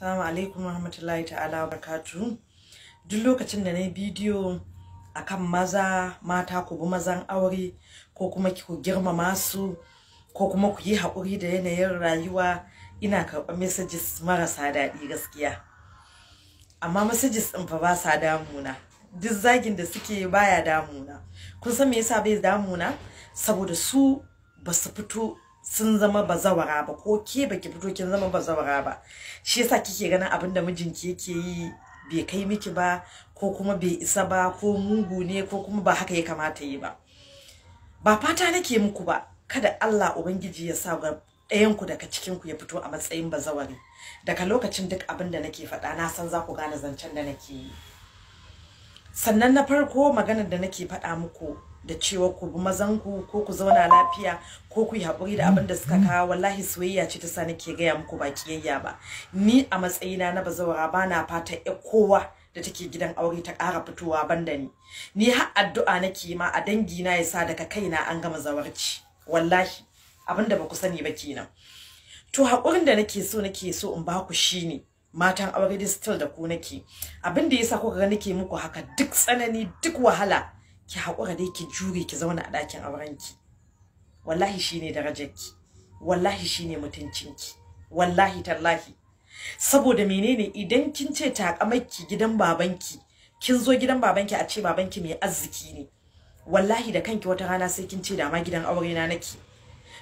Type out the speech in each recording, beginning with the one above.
Assalamu alaikum warahmatullahi ta'ala barakatuhu. Duk lokacin da nayi yi bidiyo akan maza, mata ku bi mazan aure ko kuma ku girmama su ko kuma ku yi haƙuri da yanayin rayuwa ina karɓar messages marasa daɗi gaskiya. Amma messages ɗin fa ba sa damuna. Duk zagin da suke baya damuna. Kun san me yasa bai damuna? Saboda su ba su fito sun zama bazawara ba ko ke baki fito kin zama bazawara ba shi yasa kike ganin abin da mijinki yake yi bai kai miki ba ko kuma bai isa ba ko mugu ne ko kuma ba haka ya kamata yi ba ba fata nake muku ba kada Allah ubangiji ya sa ga ɗayanku daga cikin ku ya fito a matsayin bazawari daga lokacin duk abin da nake faɗa na san za ku gane zancen da nake yi sannan na farko maganar da nake faɗa muku da cewa ku bi ku, ko ku zauna lafiya ko ku yi haƙuri da abin da suka mm-hmm. kawo wallahi soyayya ce ta sa nake gaya muku ba kiyayya ba ni a matsayina na bazawara ba na fata kowa da take gidan aure ta ƙara fitowa banda ni ni har addu'a nake ma a dangi na sa daga kaina an gama zawarci wallahi abin da ba ku sani ba kenan to haƙurin da nake so nake so in ba ku shine matan aure still da ku nake abin da yasa kuka ga nake muku haka duk tsanani duk wahala ki haƙura dai ki jure ki zauna a ɗakin aurenki wallahi shine darajarki wallahi shine mutuncin ki wallahi tallahi saboda menene idan kin ce takamaki gidan babanki kin zo gidan babanki a ce babanki mai arziki ne wallahi da kanki wata rana sai kin ce dama gidan aure na nake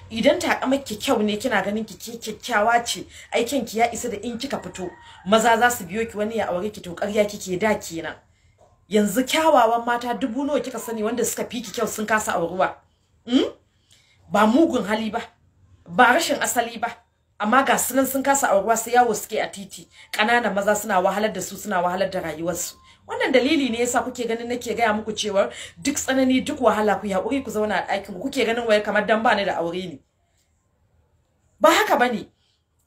idan takamaki kyau ne kina ganin ki ke kyakkyawa ce aikin ki ya isa da in kika fito maza za su biyo ki wani ya aure ki to ƙarya kike da kenan yanzu kyawawan mata dubu nawa kika sani wanda suka fiki kyau sun kasa auruwa mm? ba mugun hali ba ba rashin asali ba amma ga sunan sun kasa ruwa sai yawo suke a titi ƙananan maza suna wahalar da su suna wahalar da rayuwarsu wannan dalili ne yasa kuke ganin nake gaya muku cewa duk tsanani duk wahala ku yaƙuri ku zauna a ɗakin ku. kuke ganin wai kamar dan ba ni da aure ne ba haka bane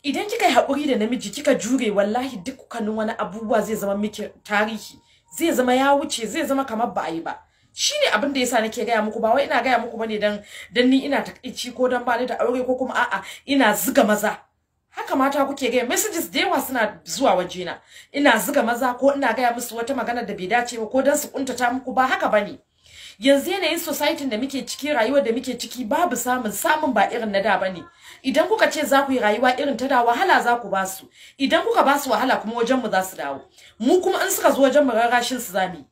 idan kika yi haƙuri da namiji kika jure wallahi duk kanin wani abubuwa zai zama miki tarihi zai zama ya wuce zai zama kamar ba yi ba shine abin da yasa nake gaya muku ba wai ina gaya muku bane dan dan ni ina takaici ko dan bani da aure ko kuma a'a ina zuga maza haka mata kuke gaya messages da yawa suna zuwa waje na ina zuga maza ko ina gaya musu wata magana da bai dace ba ko dan su kuntata muku ba haka bane yanzu yanayin society da muke ciki rayuwar da muke ciki babu samun samun ba irin na da bane idan kuka ce za ku yi rayuwa irin ta da wahala za ku basu idan kuka basu wahala kuma wajen mu za su dawo mu kuma in suka zo wajen mu rarrashin su zami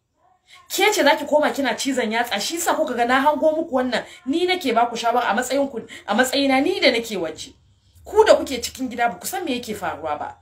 ke ce zaki koma kina cizon yatsa shi yasa kuka ga na hango muku wannan ni nake ba ku shawara a matsayin ku a matsayina ni da nake waje ku da kuke cikin gida ba ku san me yake faruwa ba